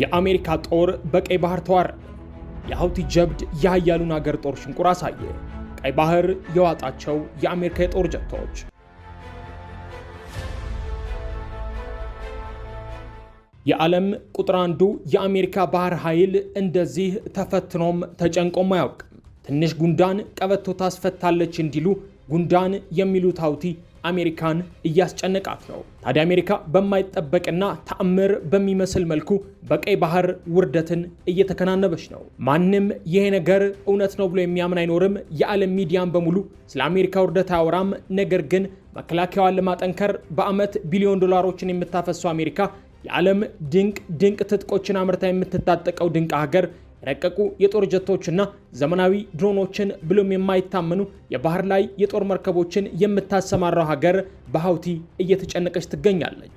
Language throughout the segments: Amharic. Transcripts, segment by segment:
የአሜሪካ ጦር በቀይ ባህር ተዋረደ። የሀውቲ ጀብድ የኃያሉን አገር ጦር ሽንቁር አሳየ። ቀይ ባህር የዋጣቸው የአሜሪካ የጦር ጀቶች። የዓለም ቁጥር አንዱ የአሜሪካ ባህር ኃይል እንደዚህ ተፈትኖም ተጨንቆም አያውቅም። ትንሽ ጉንዳን ቀበቶ ታስፈታለች እንዲሉ ጉንዳን የሚሉት ሀውቲ አሜሪካን እያስጨነቃት ነው። ታዲያ አሜሪካ በማይጠበቅና ተአምር በሚመስል መልኩ በቀይ ባህር ውርደትን እየተከናነበች ነው። ማንም ይሄ ነገር እውነት ነው ብሎ የሚያምን አይኖርም። የዓለም ሚዲያን በሙሉ ስለ አሜሪካ ውርደት አያወራም። ነገር ግን መከላከያዋን ለማጠንከር በዓመት ቢሊዮን ዶላሮችን የምታፈሰው አሜሪካ የዓለም ድንቅ ድንቅ ትጥቆችን አምርታ የምትታጠቀው ድንቅ ሀገር ረቀቁ የጦር ጀቶችና ዘመናዊ ድሮኖችን ብሎም የማይታመኑ የባህር ላይ የጦር መርከቦችን የምታሰማራው ሀገር በሀውቲ እየተጨነቀች ትገኛለች።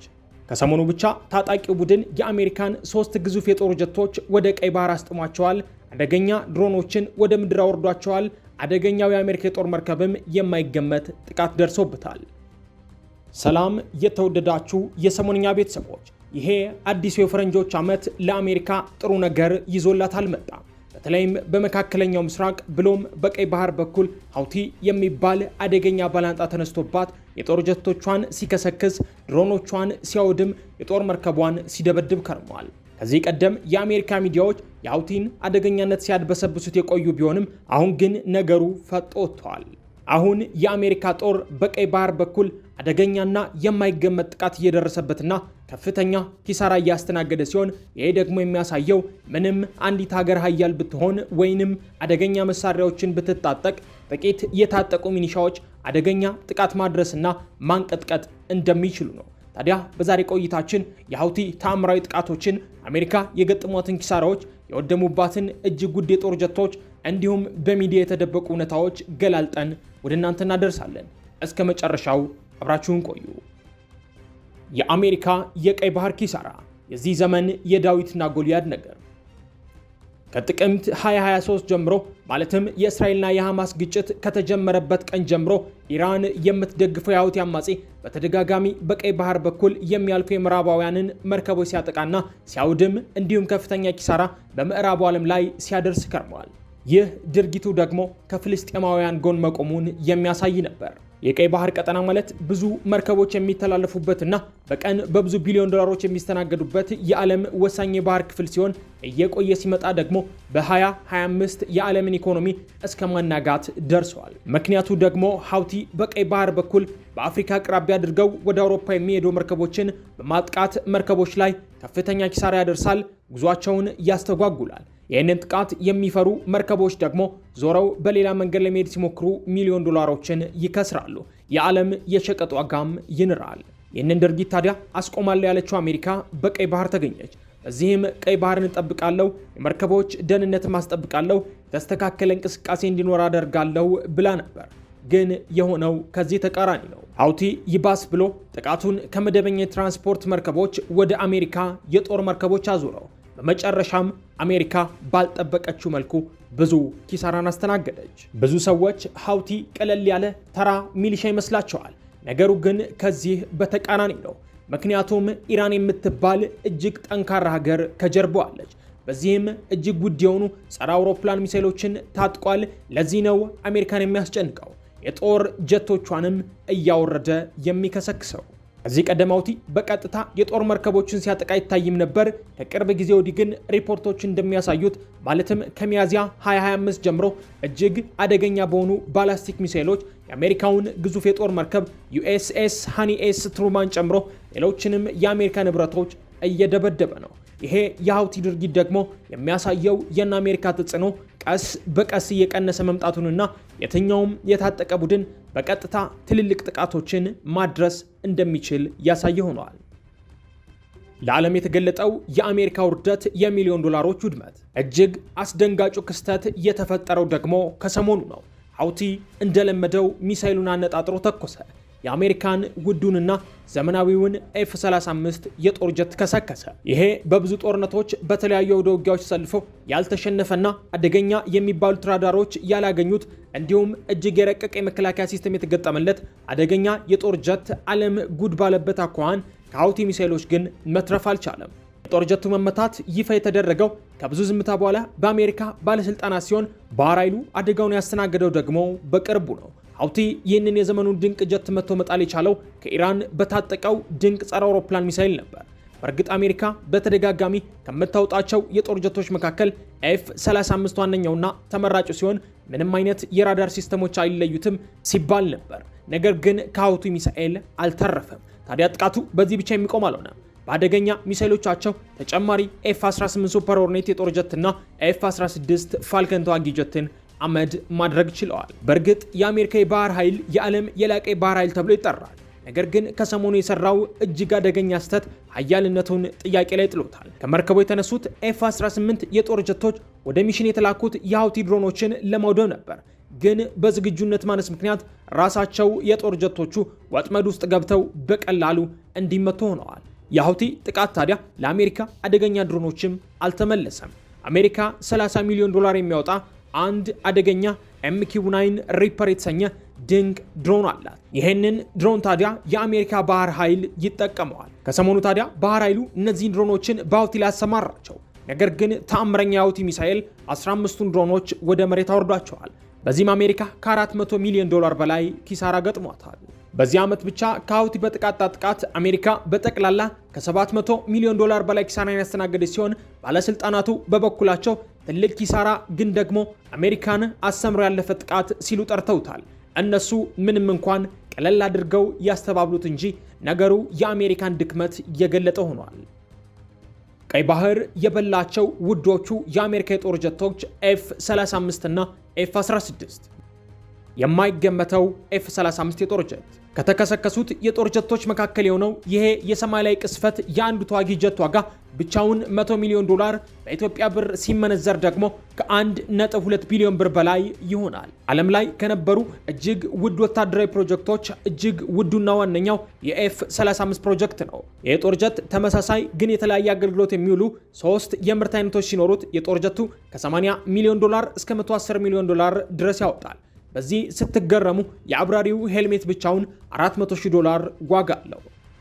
ከሰሞኑ ብቻ ታጣቂው ቡድን የአሜሪካን ሶስት ግዙፍ የጦር ጀቶች ወደ ቀይ ባህር አስጥሟቸዋል። አደገኛ ድሮኖችን ወደ ምድር አወርዷቸዋል። አደገኛው የአሜሪካ የጦር መርከብም የማይገመት ጥቃት ደርሶበታል። ሰላም የተወደዳችሁ የሰሞንኛ ቤተሰቦች ይሄ አዲሱ የፈረንጆች ዓመት ለአሜሪካ ጥሩ ነገር ይዞላት አልመጣም። በተለይም በመካከለኛው ምስራቅ ብሎም በቀይ ባህር በኩል ሀውቲ የሚባል አደገኛ ባላንጣ ተነስቶባት የጦር ጀቶቿን ሲከሰክስ፣ ድሮኖቿን ሲያወድም፣ የጦር መርከቧን ሲደበድብ ከርሟል። ከዚህ ቀደም የአሜሪካ ሚዲያዎች የሀውቲን አደገኛነት ሲያድበሰብሱት የቆዩ ቢሆንም አሁን ግን ነገሩ ፈጥጦ ወጥቷል። አሁን የአሜሪካ ጦር በቀይ ባህር በኩል አደገኛና የማይገመት ጥቃት እየደረሰበትና ከፍተኛ ኪሳራ እያስተናገደ ሲሆን ይሄ ደግሞ የሚያሳየው ምንም አንዲት ሀገር ሀያል ብትሆን ወይንም አደገኛ መሳሪያዎችን ብትታጠቅ ጥቂት የታጠቁ ሚኒሻዎች አደገኛ ጥቃት ማድረስና ማንቀጥቀጥ እንደሚችሉ ነው። ታዲያ በዛሬ ቆይታችን የሀውቲ ተአምራዊ ጥቃቶችን፣ አሜሪካ የገጠሟትን ኪሳራዎች፣ የወደሙባትን እጅግ ውድ የጦር ጀቶች እንዲሁም በሚዲያ የተደበቁ እውነታዎች ገላልጠን ወደ እናንተ እናደርሳለን። እስከ መጨረሻው አብራችሁን ቆዩ። የአሜሪካ የቀይ ባህር ኪሳራ የዚህ ዘመን የዳዊትና ጎልያድ ነገር። ከጥቅምት 2023 ጀምሮ ማለትም የእስራኤልና የሐማስ ግጭት ከተጀመረበት ቀን ጀምሮ ኢራን የምትደግፈው የሐውቲ አማጺ በተደጋጋሚ በቀይ ባህር በኩል የሚያልፉ የምዕራባውያንን መርከቦች ሲያጠቃና ሲያውድም እንዲሁም ከፍተኛ ኪሳራ በምዕራቡ ዓለም ላይ ሲያደርስ ከርመዋል። ይህ ድርጊቱ ደግሞ ከፍልስጤማውያን ጎን መቆሙን የሚያሳይ ነበር። የቀይ ባህር ቀጠና ማለት ብዙ መርከቦች የሚተላለፉበትና በቀን በብዙ ቢሊዮን ዶላሮች የሚስተናገዱበት የዓለም ወሳኝ የባህር ክፍል ሲሆን እየቆየ ሲመጣ ደግሞ በ2025 የዓለምን ኢኮኖሚ እስከ ማናጋት ደርሰዋል። ምክንያቱ ደግሞ ሀውቲ በቀይ ባህር በኩል በአፍሪካ አቅራቢያ አድርገው ወደ አውሮፓ የሚሄዱ መርከቦችን በማጥቃት መርከቦች ላይ ከፍተኛ ኪሳራ ያደርሳል፣ ጉዟቸውን ያስተጓጉላል። ይህንን ጥቃት የሚፈሩ መርከቦች ደግሞ ዞረው በሌላ መንገድ ለመሄድ ሲሞክሩ ሚሊዮን ዶላሮችን ይከስራሉ። የዓለም የሸቀጥ ዋጋም ይንራል። ይህንን ድርጊት ታዲያ አስቆማለሁ ያለችው አሜሪካ በቀይ ባህር ተገኘች። በዚህም ቀይ ባህርን እጠብቃለሁ፣ የመርከቦች ደህንነት አስጠብቃለሁ፣ የተስተካከለ እንቅስቃሴ እንዲኖር አደርጋለሁ ብላ ነበር። ግን የሆነው ከዚህ ተቃራኒ ነው። ሀውቲ ይባስ ብሎ ጥቃቱን ከመደበኛ የትራንስፖርት መርከቦች ወደ አሜሪካ የጦር መርከቦች አዙረው በመጨረሻም አሜሪካ ባልጠበቀችው መልኩ ብዙ ኪሳራን አስተናገደች። ብዙ ሰዎች ሀውቲ ቀለል ያለ ተራ ሚሊሻ ይመስላቸዋል። ነገሩ ግን ከዚህ በተቃራኒ ነው። ምክንያቱም ኢራን የምትባል እጅግ ጠንካራ ሀገር ከጀርባ አለች። በዚህም እጅግ ውድ የሆኑ ጸረ አውሮፕላን ሚሳይሎችን ታጥቋል። ለዚህ ነው አሜሪካን የሚያስጨንቀው የጦር ጀቶቿንም እያወረደ የሚከሰክሰው። ከዚህ ቀደም ሑቲ በቀጥታ የጦር መርከቦችን ሲያጠቃ ይታይም ነበር። ከቅርብ ጊዜ ወዲህ ግን ሪፖርቶች እንደሚያሳዩት ማለትም ከሚያዝያ 2025 ጀምሮ እጅግ አደገኛ በሆኑ ባላስቲክ ሚሳይሎች የአሜሪካውን ግዙፍ የጦር መርከብ ዩኤስኤስ ሃኒ ትሩማን ጨምሮ ሌሎችንም የአሜሪካ ንብረቶች እየደበደበ ነው። ይሄ የሀውቲ ድርጊት ደግሞ የሚያሳየው የእነ አሜሪካ ተጽዕኖ ቀስ በቀስ እየቀነሰ መምጣቱንና የትኛውም የታጠቀ ቡድን በቀጥታ ትልልቅ ጥቃቶችን ማድረስ እንደሚችል ያሳየ ሆኗል። ለዓለም የተገለጠው የአሜሪካ ውርደት፣ የሚሊዮን ዶላሮች ውድመት። እጅግ አስደንጋጩ ክስተት የተፈጠረው ደግሞ ከሰሞኑ ነው። ሀውቲ እንደለመደው ሚሳይሉን አነጣጥሮ ተኮሰ። የአሜሪካን ውዱንና ዘመናዊውን ኤፍ 35 የጦር ጀት ከሰከሰ። ይሄ በብዙ ጦርነቶች በተለያዩ አውደ ውጊያዎች ተሰልፎ ያልተሸነፈና አደገኛ የሚባሉት ራዳሮች ያላገኙት እንዲሁም እጅግ የረቀቀ የመከላከያ ሲስተም የተገጠመለት አደገኛ የጦር ጀት ዓለም ጉድ ባለበት አኳኋን ከሀውቲ ሚሳይሎች ግን መትረፍ አልቻለም። የጦር ጀቱ መመታት ይፋ የተደረገው ከብዙ ዝምታ በኋላ በአሜሪካ ባለስልጣናት ሲሆን ባህር ኃይሉ አደጋውን ያስተናገደው ደግሞ በቅርቡ ነው። ሀውቲ ይህንን የዘመኑን ድንቅ ጀት መጥቶ መጣል የቻለው ከኢራን በታጠቀው ድንቅ ጸረ አውሮፕላን ሚሳይል ነበር። በእርግጥ አሜሪካ በተደጋጋሚ ከምታወጣቸው የጦር ጀቶች መካከል ኤፍ 35 ዋነኛውና ተመራጩ ሲሆን ምንም አይነት የራዳር ሲስተሞች አይለዩትም ሲባል ነበር። ነገር ግን ከሀውቲ ሚሳኤል አልተረፈም። ታዲያ ጥቃቱ በዚህ ብቻ የሚቆም አልሆነም። በአደገኛ ሚሳይሎቻቸው ተጨማሪ ኤፍ 18 ሱፐር ሆርኔት የጦር ጀትና ኤፍ 16 ፋልከን ተዋጊ ጀትን አመድ ማድረግ ችለዋል። በእርግጥ የአሜሪካ የባህር ኃይል የዓለም የላቀ የባህር ኃይል ተብሎ ይጠራል። ነገር ግን ከሰሞኑ የሰራው እጅግ አደገኛ ስህተት ኃያልነቱን ጥያቄ ላይ ጥሎታል። ከመርከቡ የተነሱት ኤፍ 18 የጦር ጀቶች ወደ ሚሽን የተላኩት የሀውቲ ድሮኖችን ለማውደብ ነበር። ግን በዝግጁነት ማነስ ምክንያት ራሳቸው የጦር ጀቶቹ ወጥመድ ውስጥ ገብተው በቀላሉ እንዲመቱ ሆነዋል። የሀውቲ ጥቃት ታዲያ ለአሜሪካ አደገኛ ድሮኖችም አልተመለሰም። አሜሪካ 30 ሚሊዮን ዶላር የሚያወጣ አንድ አደገኛ ኤምኪውናይን ሪፐር የተሰኘ ድንቅ ድሮን አላት። ይህንን ድሮን ታዲያ የአሜሪካ ባህር ኃይል ይጠቀመዋል። ከሰሞኑ ታዲያ ባህር ኃይሉ እነዚህን ድሮኖችን በአውቲ ላይ ያሰማራቸው። ነገር ግን ተአምረኛ የአውቲ ሚሳኤል 15ቱን ድሮኖች ወደ መሬት አወርዷቸዋል። በዚህም አሜሪካ ከ400 ሚሊዮን ዶላር በላይ ኪሳራ ገጥሟታል። በዚህ ዓመት ብቻ ከአውቲ በጥቃጣ ጥቃት አሜሪካ በጠቅላላ ከ700 ሚሊዮን ዶላር በላይ ኪሳራን ያስተናገደች ሲሆን ባለስልጣናቱ በበኩላቸው ትልቅ ኪሳራ ግን ደግሞ አሜሪካን አሰምሮ ያለፈ ጥቃት ሲሉ ጠርተውታል። እነሱ ምንም እንኳን ቀለል አድርገው ያስተባብሉት እንጂ ነገሩ የአሜሪካን ድክመት የገለጠ ሆኗል። ቀይ ባህር የበላቸው ውዶቹ የአሜሪካ የጦር ጀቶች ኤፍ 35 እና ኤፍ 16 የማይገመተው ኤፍ 35 የጦር ጀት ከተከሰከሱት የጦር ጀቶች መካከል የሆነው ይሄ የሰማይ ላይ ቅስፈት የአንዱ ተዋጊ ጀት ዋጋ ብቻውን 100 ሚሊዮን ዶላር በኢትዮጵያ ብር ሲመነዘር ደግሞ ከ1.2 ቢሊዮን ብር በላይ ይሆናል። ዓለም ላይ ከነበሩ እጅግ ውድ ወታደራዊ ፕሮጀክቶች እጅግ ውዱና ዋነኛው የኤፍ 35 ፕሮጀክት ነው። የጦር ጀት ተመሳሳይ ግን የተለያየ አገልግሎት የሚውሉ ሶስት የምርት አይነቶች ሲኖሩት የጦር ጀቱ ከ80 ሚሊዮን ዶላር እስከ 110 ሚሊዮን ዶላር ድረስ ያወጣል። በዚህ ስትገረሙ የአብራሪው ሄልሜት ብቻውን 400,000 ዶላር ዋጋ አለው።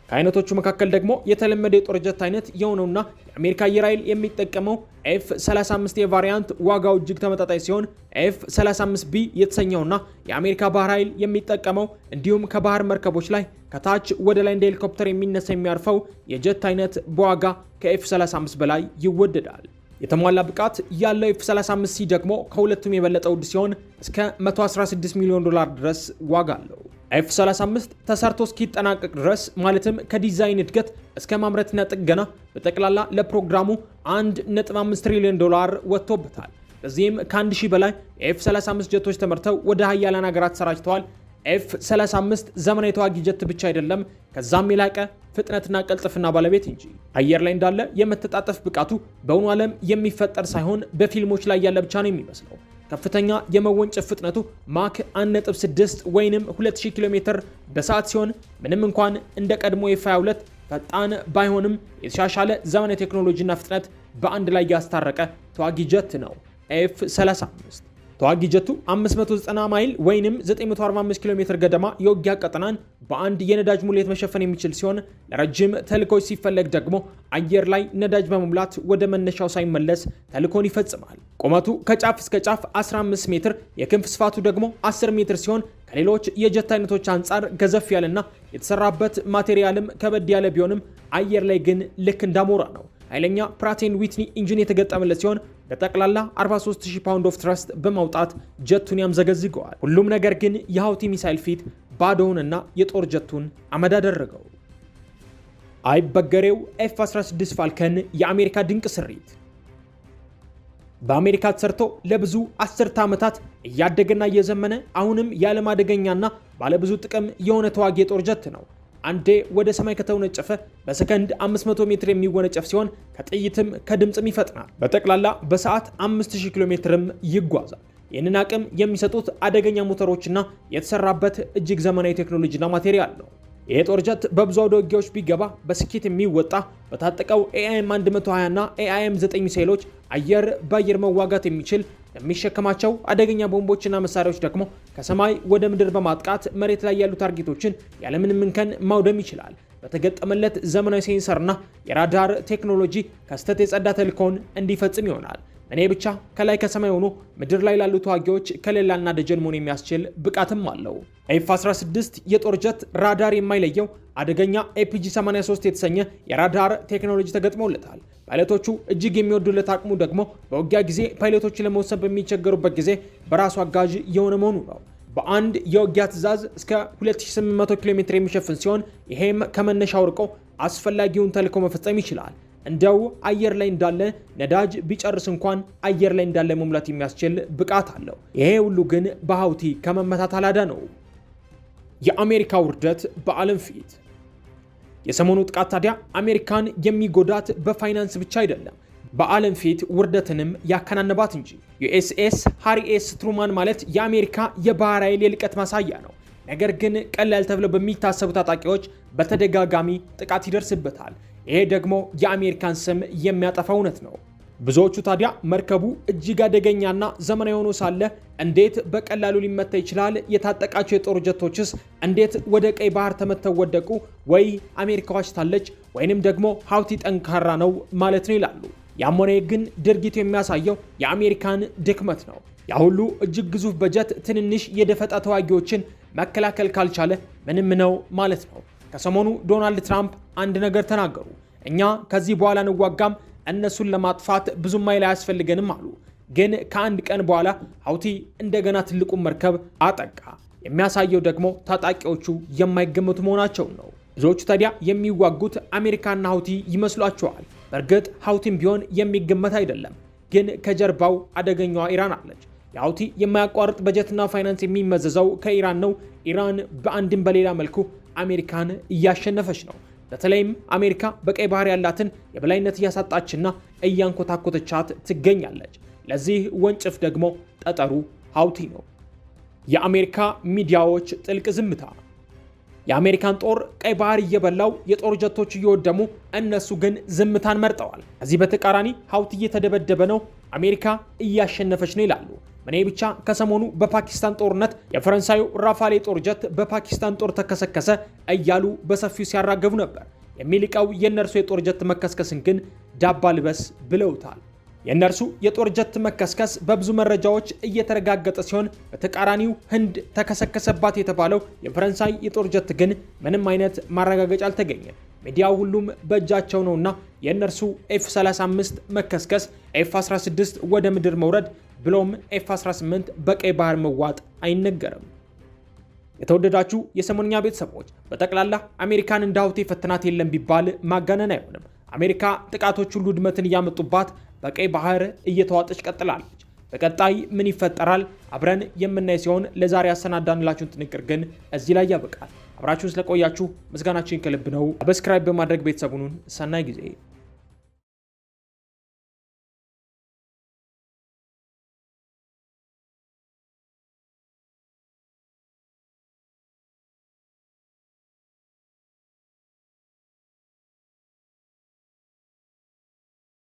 ከአይነቶቹ መካከል ደግሞ የተለመደ የጦር ጀት አይነት የሆነውና የአሜሪካ አየር ኃይል የሚጠቀመው ኤፍ 35 የቫሪያንት ዋጋው እጅግ ተመጣጣኝ ሲሆን ኤፍ 35 ቢ የተሰኘውና የአሜሪካ ባህር ኃይል የሚጠቀመው እንዲሁም ከባህር መርከቦች ላይ ከታች ወደ ላይ እንደ ሄሊኮፕተር የሚነሳ የሚያርፈው የጀት አይነት በዋጋ ከኤፍ 35 በላይ ይወደዳል። የተሟላ ብቃት ያለው ኤፍ35 ሲ ደግሞ ከሁለቱም የበለጠ ውድ ሲሆን እስከ 116 ሚሊዮን ዶላር ድረስ ዋጋ አለው። ኤፍ35 ተሰርቶ እስኪጠናቀቅ ድረስ ማለትም ከዲዛይን እድገት እስከ ማምረትና ጥገና በጠቅላላ ለፕሮግራሙ 1.5 ትሪሊዮን ዶላር ወጥቶበታል። በዚህም ከ1000 በላይ የኤፍ35 ጀቶች ተመርተው ወደ ሀያላን ሀገራት ሰራጭተዋል። ኤፍ 35 ዘመናዊ ተዋጊ ጀት ብቻ አይደለም፣ ከዛም የላቀ ፍጥነትና ቀልጥፍና ባለቤት እንጂ። አየር ላይ እንዳለ የመተጣጠፍ ብቃቱ በእውኑ ዓለም የሚፈጠር ሳይሆን በፊልሞች ላይ ያለ ብቻ ነው የሚመስለው። ከፍተኛ የመወንጨፍ ፍጥነቱ ማክ 1.6 ወይንም 2000 ኪሎ ሜትር በሰዓት ሲሆን ምንም እንኳን እንደ ቀድሞ ኤፍ 22 ፈጣን ባይሆንም የተሻሻለ ዘመናዊ ቴክኖሎጂና ፍጥነት በአንድ ላይ ያስታረቀ ተዋጊ ጀት ነው ኤፍ 35። ተዋጊ ጀቱ 590 ማይል ወይም 945 ኪሎ ሜትር ገደማ የውጊያ ቀጠናን በአንድ የነዳጅ ሙሌት መሸፈን የሚችል ሲሆን ለረጅም ተልኮች ሲፈለግ ደግሞ አየር ላይ ነዳጅ በመሙላት ወደ መነሻው ሳይመለስ ተልኮን ይፈጽማል። ቁመቱ ከጫፍ እስከ ጫፍ 15 ሜትር፣ የክንፍ ስፋቱ ደግሞ 10 ሜትር ሲሆን ከሌሎች የጀት አይነቶች አንጻር ገዘፍ ያለና የተሰራበት ማቴሪያልም ከበድ ያለ ቢሆንም አየር ላይ ግን ልክ እንዳሞራ ነው። ኃይለኛ ፕራቴን ዊትኒ ኢንጂን የተገጠመለት ሲሆን ለጠቅላላ 43000 ፓውንድ ኦፍ ትረስት በማውጣት ጀቱን ያምዘገዝገዋል። ሁሉም ነገር ግን የሀውቲ ሚሳይል ፊት ባዶውንና የጦር ጀቱን አመድ አደረገው። አይበገሬው ኤፍ 16 ፋልከን የአሜሪካ ድንቅ ስሪት በአሜሪካ ተሰርቶ ለብዙ አስርተ ዓመታት እያደገና እየዘመነ አሁንም ያለም አደገኛና ባለብዙ ጥቅም የሆነ ተዋጊ የጦር ጀት ነው። አንዴ ወደ ሰማይ ከተወነጨፈ በሰከንድ 500 ሜትር የሚወነጨፍ ሲሆን ከጥይትም ከድምፅም ይፈጥናል። በጠቅላላ በሰዓት 5000 ኪሎ ሜትርም ይጓዛል። ይህንን አቅም የሚሰጡት አደገኛ ሞተሮችና የተሰራበት እጅግ ዘመናዊ ቴክኖሎጂና ማቴሪያል ነው። ይህ ጦር ጀት በብዙ አውደ ውጊያዎች ቢገባ በስኬት የሚወጣ በታጠቀው ኤአይኤም 120 እና ኤአይኤም 9 ሚሳይሎች አየር በአየር መዋጋት የሚችል የሚሸከማቸው አደገኛ ቦምቦችና መሳሪያዎች ደግሞ ከሰማይ ወደ ምድር በማጥቃት መሬት ላይ ያሉ ታርጌቶችን ያለምንም እንከን ማውደም ይችላል። በተገጠመለት ዘመናዊ ሴንሰርና የራዳር ቴክኖሎጂ ከስተት የጸዳ ተልእኮውን እንዲፈጽም ይሆናል። እኔ ብቻ ከላይ ከሰማይ ሆኖ ምድር ላይ ላሉ ተዋጊዎች ከሌላና ደጀን መሆን የሚያስችል ብቃትም አለው። ኤፍ 16 የጦር ጀት ራዳር የማይለየው አደገኛ ኤፒጂ 83 የተሰኘ የራዳር ቴክኖሎጂ ተገጥሞለታል። ፓይለቶቹ እጅግ የሚወዱለት አቅሙ ደግሞ በውጊያ ጊዜ ፓይለቶቹ ለመወሰን በሚቸገሩበት ጊዜ በራሱ አጋዥ የሆነ መሆኑ ነው። በአንድ የውጊያ ትዕዛዝ እስከ 2800 ኪሎ ሜትር የሚሸፍን ሲሆን ይሄም ከመነሻው ርቆ አስፈላጊውን ተልዕኮ መፈጸም ይችላል። እንደው አየር ላይ እንዳለ ነዳጅ ቢጨርስ እንኳን አየር ላይ እንዳለ መሙላት የሚያስችል ብቃት አለው። ይሄ ሁሉ ግን በሀውቲ ከመመታት አላዳ ነው። የአሜሪካ ውርደት በዓለም ፊት የሰሞኑ ጥቃት ታዲያ አሜሪካን የሚጎዳት በፋይናንስ ብቻ አይደለም፣ በዓለም ፊት ውርደትንም ያከናንባት እንጂ። ዩኤስኤስ ሃሪ ኤስ ትሩማን ማለት የአሜሪካ የባህር ኃይል የልቀት ማሳያ ነው። ነገር ግን ቀላል ተብለው በሚታሰቡ ታጣቂዎች በተደጋጋሚ ጥቃት ይደርስበታል። ይሄ ደግሞ የአሜሪካን ስም የሚያጠፋ እውነት ነው። ብዙዎቹ ታዲያ መርከቡ እጅግ አደገኛና ዘመናዊ ሆኖ ሳለ እንዴት በቀላሉ ሊመታ ይችላል? የታጠቃቸው የጦር ጀቶችስ እንዴት ወደ ቀይ ባህር ተመተው ወደቁ? ወይ አሜሪካ ዋሽታለች ወይንም ደግሞ ሀውቲ ጠንካራ ነው ማለት ነው ይላሉ። ያም ሆነ ግን ድርጊቱ የሚያሳየው የአሜሪካን ድክመት ነው። ያ ሁሉ እጅግ ግዙፍ በጀት ትንንሽ የደፈጣ ተዋጊዎችን መከላከል ካልቻለ ምንም ነው ማለት ነው። ከሰሞኑ ዶናልድ ትራምፕ አንድ ነገር ተናገሩ። እኛ ከዚህ በኋላ ንዋጋም። እነሱን ለማጥፋት ብዙም ኃይል አያስፈልገንም አሉ። ግን ከአንድ ቀን በኋላ ሀውቲ እንደገና ትልቁን መርከብ አጠቃ። የሚያሳየው ደግሞ ታጣቂዎቹ የማይገመቱ መሆናቸው ነው። ብዙዎቹ ታዲያ የሚዋጉት አሜሪካና ሀውቲ ይመስሏቸዋል። በእርግጥ ሀውቲም ቢሆን የሚገመት አይደለም። ግን ከጀርባው አደገኛዋ ኢራን አለች። የሀውቲ የማያቋርጥ በጀትና ፋይናንስ የሚመዘዘው ከኢራን ነው። ኢራን በአንድም በሌላ መልኩ አሜሪካን እያሸነፈች ነው። በተለይም አሜሪካ በቀይ ባህር ያላትን የበላይነት እያሳጣችና እያንኮታኮተቻት ትገኛለች። ለዚህ ወንጭፍ ደግሞ ጠጠሩ ሀውቲ ነው። የአሜሪካ ሚዲያዎች ጥልቅ ዝምታ። የአሜሪካን ጦር ቀይ ባህር እየበላው የጦር ጀቶች እየወደሙ፣ እነሱ ግን ዝምታን መርጠዋል። ከዚህ በተቃራኒ ሀውቲ እየተደበደበ ነው፣ አሜሪካ እያሸነፈች ነው ይላሉ። እኔ ብቻ ከሰሞኑ በፓኪስታን ጦርነት የፈረንሳዩ ራፋሌ ጦር ጀት በፓኪስታን ጦር ተከሰከሰ እያሉ በሰፊው ሲያራገቡ ነበር። የሚልቀው የእነርሱ የጦር ጀት መከስከስን ግን ዳባ ልበስ ብለውታል። የእነርሱ የጦር ጀት መከስከስ በብዙ መረጃዎች እየተረጋገጠ ሲሆን፣ በተቃራኒው ህንድ ተከሰከሰባት የተባለው የፈረንሳይ የጦር ጀት ግን ምንም አይነት ማረጋገጫ አልተገኘም። ሚዲያው ሁሉም በእጃቸው ነውና የእነርሱ ኤፍ 35 መከስከስ፣ ኤፍ 16 ወደ ምድር መውረድ ብሎም ኤፍ 18 በቀይ ባህር መዋጥ አይነገርም። የተወደዳችሁ የሰሞንኛ ቤተሰቦች በጠቅላላ አሜሪካን እንደ ፈተናት የለም ቢባል ማጋነን አይሆንም። አሜሪካ ጥቃቶች ሁሉ ውድመትን እያመጡባት በቀይ ባህር እየተዋጠች ቀጥላለች። በቀጣይ ምን ይፈጠራል አብረን የምናይ ሲሆን ለዛሬ ያሰናዳንላችሁን ጥንቅር ግን እዚህ ላይ ያበቃል። አብራችሁን ስለቆያችሁ ምስጋናችን ከልብ ነው። ሰብስክራይብ በማድረግ ቤተሰቡኑን ሰናይ ጊዜ